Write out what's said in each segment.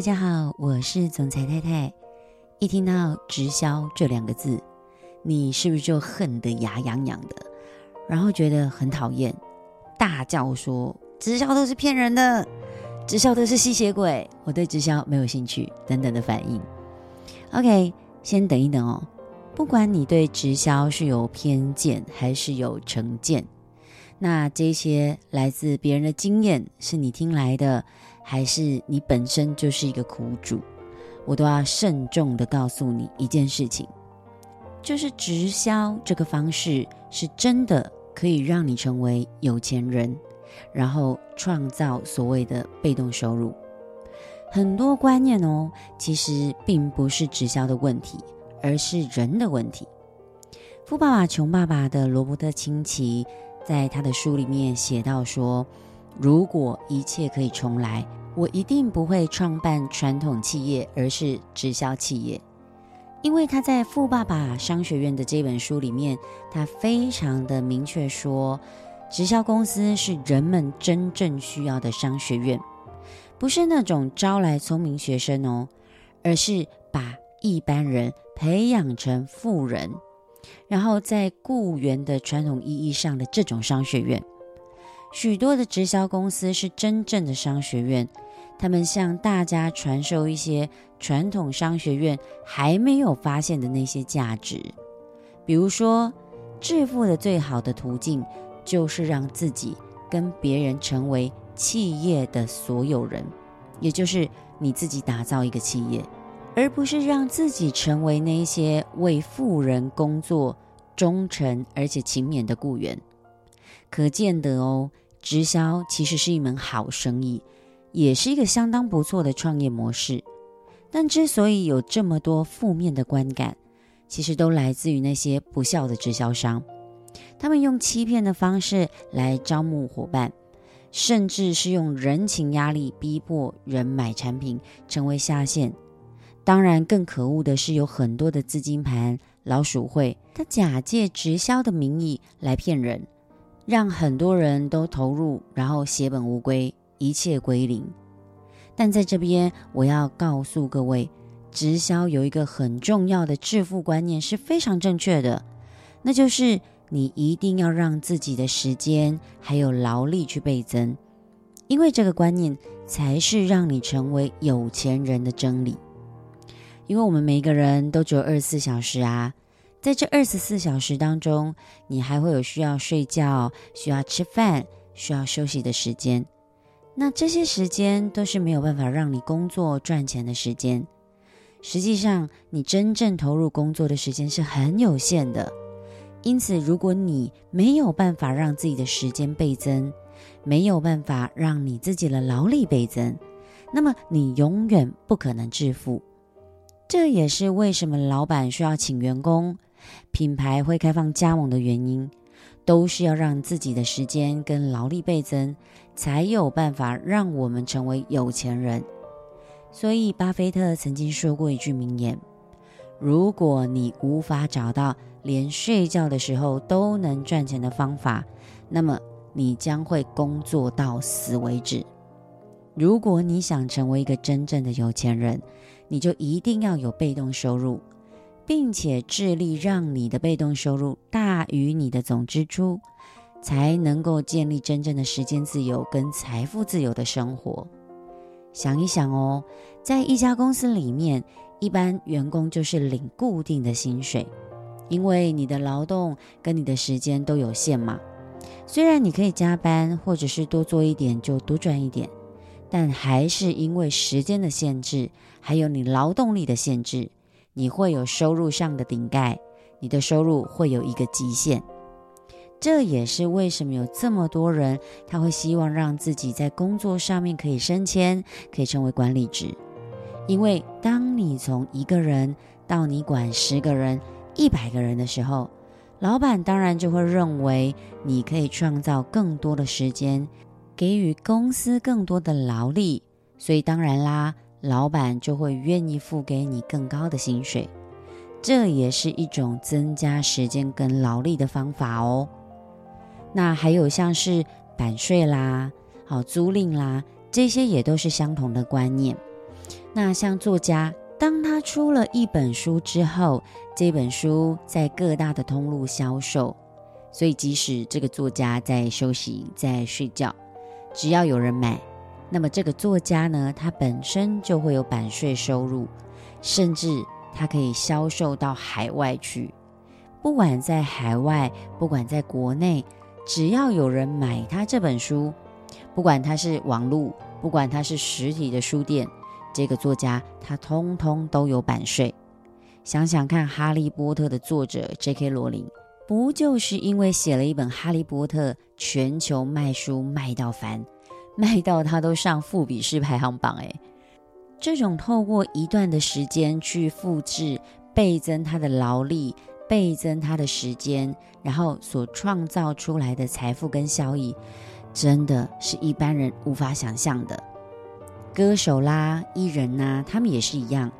大家好，我是總裁太太。一聽到直銷這兩個字，你是不是就恨得牙癢癢的，然後覺得很討厭，大叫說：“直銷都是騙人的，直銷都是吸血鬼。”我對直銷沒有興趣，等等的反應。OK，先等一等哦。不管你對直銷是有偏見還是有成見，那這些來自別人的經驗是你聽來的。還是你本身就是一個苦主，我都要慎重的告訴你一件事情，就是直銷這個方式是真的可以讓你成為有錢人，然後創造所謂的被動收入。很多觀念哦，其實並不是直銷的問題，而是人的問題。富爸爸窮爸爸的羅伯特清崎在他的書裡面寫到說，如果一切可以重來。我一定不會創辦傳統企業，而是直銷企業，因為他在《富爸爸商學院》的這本書裡面，他非常的明確說，直銷公司是人們真正需要的商學院，不是那種招來聰明學生哦，而是把一般人培養成富人，然後在雇員的傳統意義上的這種商學院。許多的直銷公司是真正的商學院，他們向大家傳授一些傳統商學院還沒有發現的那些價值。比如說，致富的最好的途徑就是讓自己跟別人成為企業的所有人，也就是你自己打造一個企業，而不是讓自己成為那些為富人工作、忠誠而且勤勉的雇員。可見得哦，直銷其實是一門好生意，也是一個相當不錯的創業模式。但之所以有這麼多負面的觀感，其實都來自於那些不肖的直銷商。他們用欺騙的方式來招募伙伴，甚至是用人情壓力逼迫人買產品，成為下線。當然，更可惡的是，有很多的資金盤、老鼠會，他假借直銷的名義來騙人。讓很多人都投入，然後血本無歸，一切歸零。但在這邊，我要告訴各位，直銷有一個很重要的致富觀念是非常正確的，那就是你一定要讓自己的時間還有勞力去倍增，因為這個觀念才是讓你成為有錢人的真理。因為我們每一個人都只有二十四小時啊。在這二十四小時當中，你還會有需要睡覺、需要吃飯、需要休息的時間。那這些時間都是沒有辦法讓你工作賺錢的時間。實際上，你真正投入工作的時間是很有限的。因此，如果你沒有辦法讓自己的時間倍增，沒有辦法讓你自己的勞力倍增，那麼你永遠不可能致富。這也是為什麼老闆需要請員工，品牌會開放加盟的原因，都是要讓自己的時間跟勞力倍增，才有辦法讓我們成為有錢人。所以，巴菲特曾經說過一句名言：“如果你無法找到連睡覺的時候都能賺錢的方法，那麼你將會工作到死為止。如果你想成為一個真正的有錢人，你就一定要有被動收入。”並且致力讓你的被動收入大於你的總支出，才能夠建立真正的時間自由跟財富自由的生活。想一想哦，在一家公司裡面，一般員工就是領固定的薪水，因為你的勞動跟你的時間都有限嘛。雖然你可以加班或者是多做一點就多賺一點，但還是因為時間的限制，還有你勞動力的限制。你會有收入上的頂蓋，你的收入會有一個極限。這也是為什麼有這麼多人，他會希望讓自己在工作上面可以升遷，可以成為管理職。因為當你從一個人到你管十個人、一百個人的時候，老板當然就會認為你可以創造更多的時間，給予公司更多的勞力。所以當然啦。老闆就會願意付給你更高的薪水，這也是一種增加時間跟勞力的方法哦。那還有像是版稅啦、好租賃啦，這些也都是相同的觀念。那像作家，當他出了一本書之後，這本書在各大的通路銷售，所以即使這個作家在休息、在睡覺，只要有人買。那麼這個作家呢，他本身就會有版稅收入，甚至他可以銷售到海外去。不管在海外，不管在國內，只要有人買他這本書，不管他是網絡，不管他是實體的書店，這個作家他通通都有版稅。想想看，《哈利波特》的作者 J.K. 羅琳，不就是因為寫了一本《哈利波特》，全球賣書賣到翻？賣到他都上富比士排行榜，誒，這種透過一段的時間去複制、倍增他的勞力、倍增他的時間，然後所創造出來的財富跟效益，真的是一般人無法想象的。歌手啦、藝人吶、啊，他們也是一樣。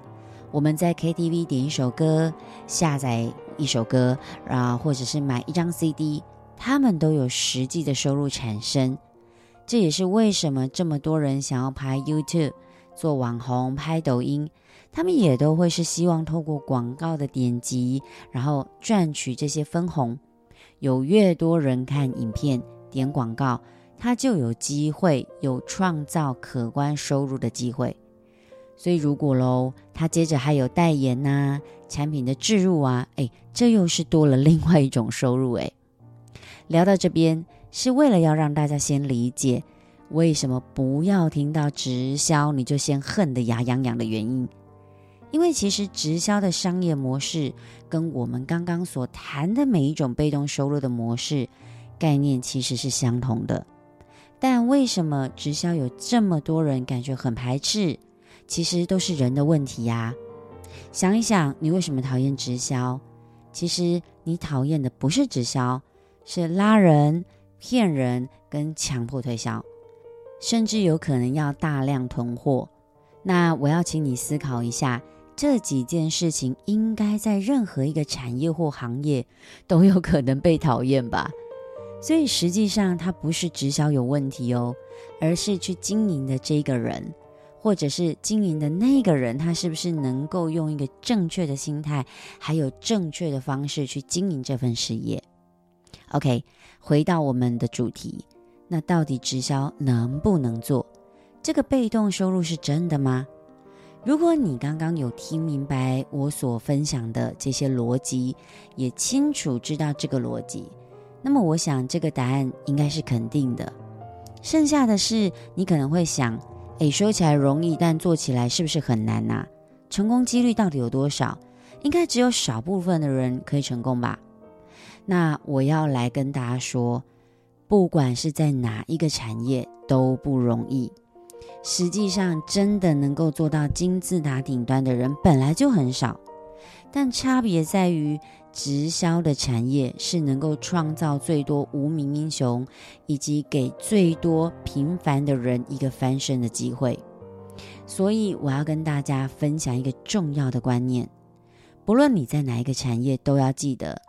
我們在 KTV 點一首歌、下載一首歌，啊，或者是買一張 CD，他們都有實際的收入產生。這也是為什麼這麼多人想要拍 YouTube 做網紅、拍抖音，他們也都會是希望透過廣告的點擊，然後賺取這些分紅。有越多人看影片點廣告，他就有機會有創造可觀收入的機會。所以如果嘍，他接着還有代言吶、啊、產品的置入啊，哎，這又是多了另外一種收入哎。聊到這邊，是為了要讓大家先理解，為什麼不要聽到直銷你就先恨得牙癢癢的原因，因為其實直銷的商業模式跟我們剛剛所談的每一種被動收入的模式概念其實是相同的。但為什麼直銷有這麼多人感覺很排斥？其實都是人的問題呀、啊。想一想，你為什麼討厭直銷？其實你討厭的不是直銷，是拉人。騙人跟強迫推銷，甚至有可能要大量囤貨。那我要請你思考一下，這幾件事情應該在任何一個產業或行業都有可能被討厭吧？所以實際上，它不是直銷有問題哦，而是去經營的這個人，或者是經營的那個人，他是不是能夠用一個正確的心態，還有正確的方式去經營這份事業？OK，回到我們的主題，那到底直銷能不能做？這個被動收入是真的嗎？如果你剛剛有聽明白我所分享的這些邏輯，也清楚知道這個邏輯，那麼我想這個答案應該是肯定的。剩下的是你可能會想，哎，說起來容易，但做起來是不是很難吶？成功幾率到底有多少？應該只有少部分的人可以成功吧？那我要來跟大家說，不管是在哪一個產業都不容易。實際上，真的能夠做到金字塔頂端的人本來就很少。但差別在於，直銷的產業是能夠創造最多無名英雄，以及給最多平凡的人一個翻身的機會。所以，我要跟大家分享一個重要的觀念：不論你在哪一個產業，都要記得。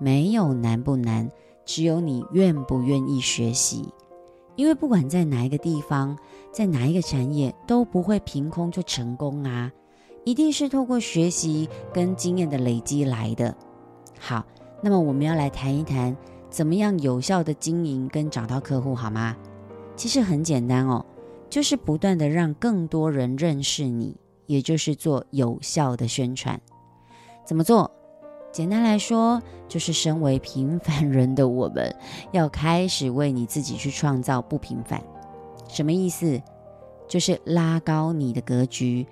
沒有難不難，只有你願不願意學習。因為不管在哪一個地方，在哪一個產業，都不會憑空就成功啊，一定是透過學習跟經驗的累積來的。好，那麼我們要來談一談，怎麼樣有效的經營跟找到客戶，好嗎？其實很簡單哦，就是不斷的讓更多人認識你，也就是做有效的宣傳。怎麼做？簡單來說，就是身為平凡人的我們，要開始為你自己去創造不平凡。什麼意思？就是拉高你的格局，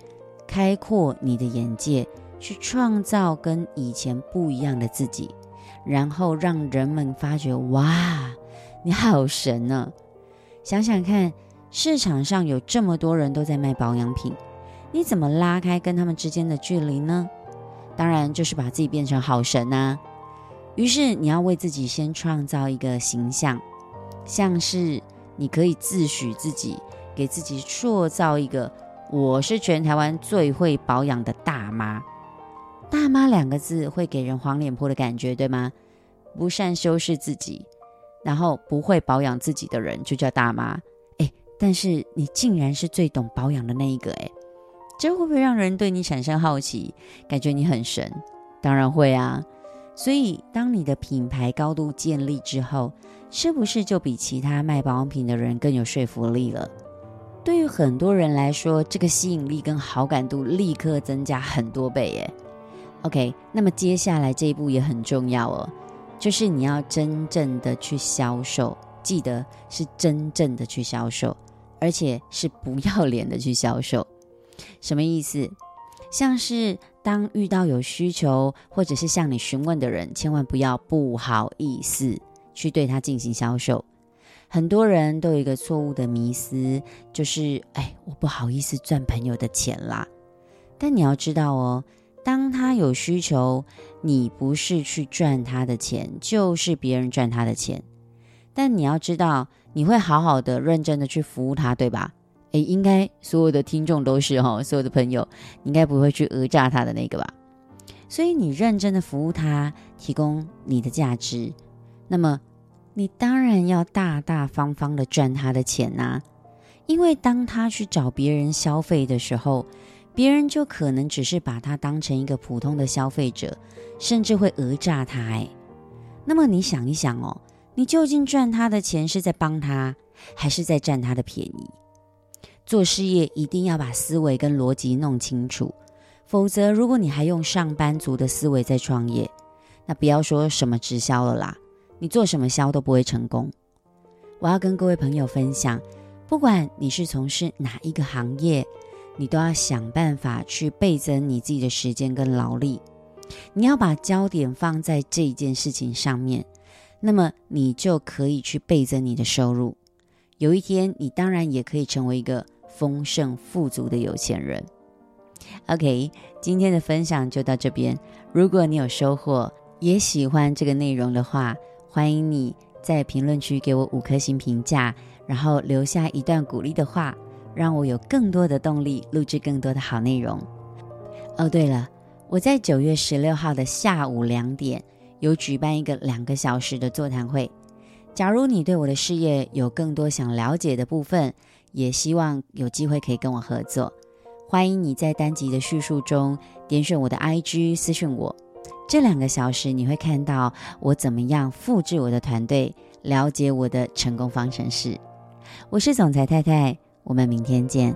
開闊你的眼界，去創造跟以前不一樣的自己，然後讓人們發覺，哇，你好神啊！想想看，市場上有這麼多人都在賣保養品，你怎麼拉開跟他們之間的距離呢？當然，就是把自己變成好神吶、啊。於是，你要為自己先創造一個形象，像是你可以自詡自己，給自己塑造一個“我是全台灣最會保養的大媽”。大媽兩個字會給人黃臉婆的感覺，對嗎？不善修飾自己，然後不會保養自己的人就叫大媽。哎，但是你竟然是最懂保養的那一個誒，哎。這會不會讓人對你產生好奇，感覺你很神？當然會啊！所以當你的品牌高度建立之後，是不是就比其他賣保養品的人更有說服力了？對於很多人來說，這個吸引力跟好感度立刻增加很多倍耶。OK，那麼接下來這一步也很重要哦，就是你要真正的去銷售，記得是真正的去銷售，而且是不要臉的去銷售。什麼意思？像是當遇到有需求或者是向你詢問的人，千萬不要不好意思去對他進行銷售。很多人都有一個錯誤的迷思，就是哎，我不好意思賺朋友的錢啦。但你要知道哦，當他有需求，你不是去賺他的錢，就是別人賺他的錢。但你要知道，你會好好的、認真的去服務他，對吧？應該所有的聽眾都是哦，所有的朋友應該不會去訛詐他的那個吧？所以你認真的服務他，提供你的價值，那麼你當然要大大方方的賺他的錢吶啊。因為當他去找別人消費的時候，別人就可能只是把他當成一個普通的消費者，甚至會訛詐他。哎，那麼你想一想哦，你究竟賺他的錢是在幫他，還是在占他的便宜？做事業一定要把思維跟邏輯弄清楚，否則如果你還用上班族的思維在創業，那不要說什麼直銷了啦，你做什麼銷都不會成功。我要跟各位朋友分享，不管你是從事哪一個行業，你都要想辦法去倍增你自己的時間跟勞力，你要把焦點放在這一件事情上面，那麼你就可以去倍增你的收入。有一天你當然也可以成為一個豐盛富足的有錢人。OK，今天的分享就到這邊。如果你有收穫，也喜歡這個內容的話，歡迎你在評論區給我五顆星評價，然後留下一段鼓勵的話，讓我有更多的動力錄製更多的好內容。哦，對了，我在九月十六號的下午兩點有舉辦一個兩個小時的座談會。假如你對我的事業有更多想了解的部分，也希望有機會可以跟我合作，歡迎你在單集的敘述中點選我的 IG 私訊我。這兩個小時你會看到我怎麼樣複製我的團隊，了解我的成功方程式。我是總裁太太，我們明天見。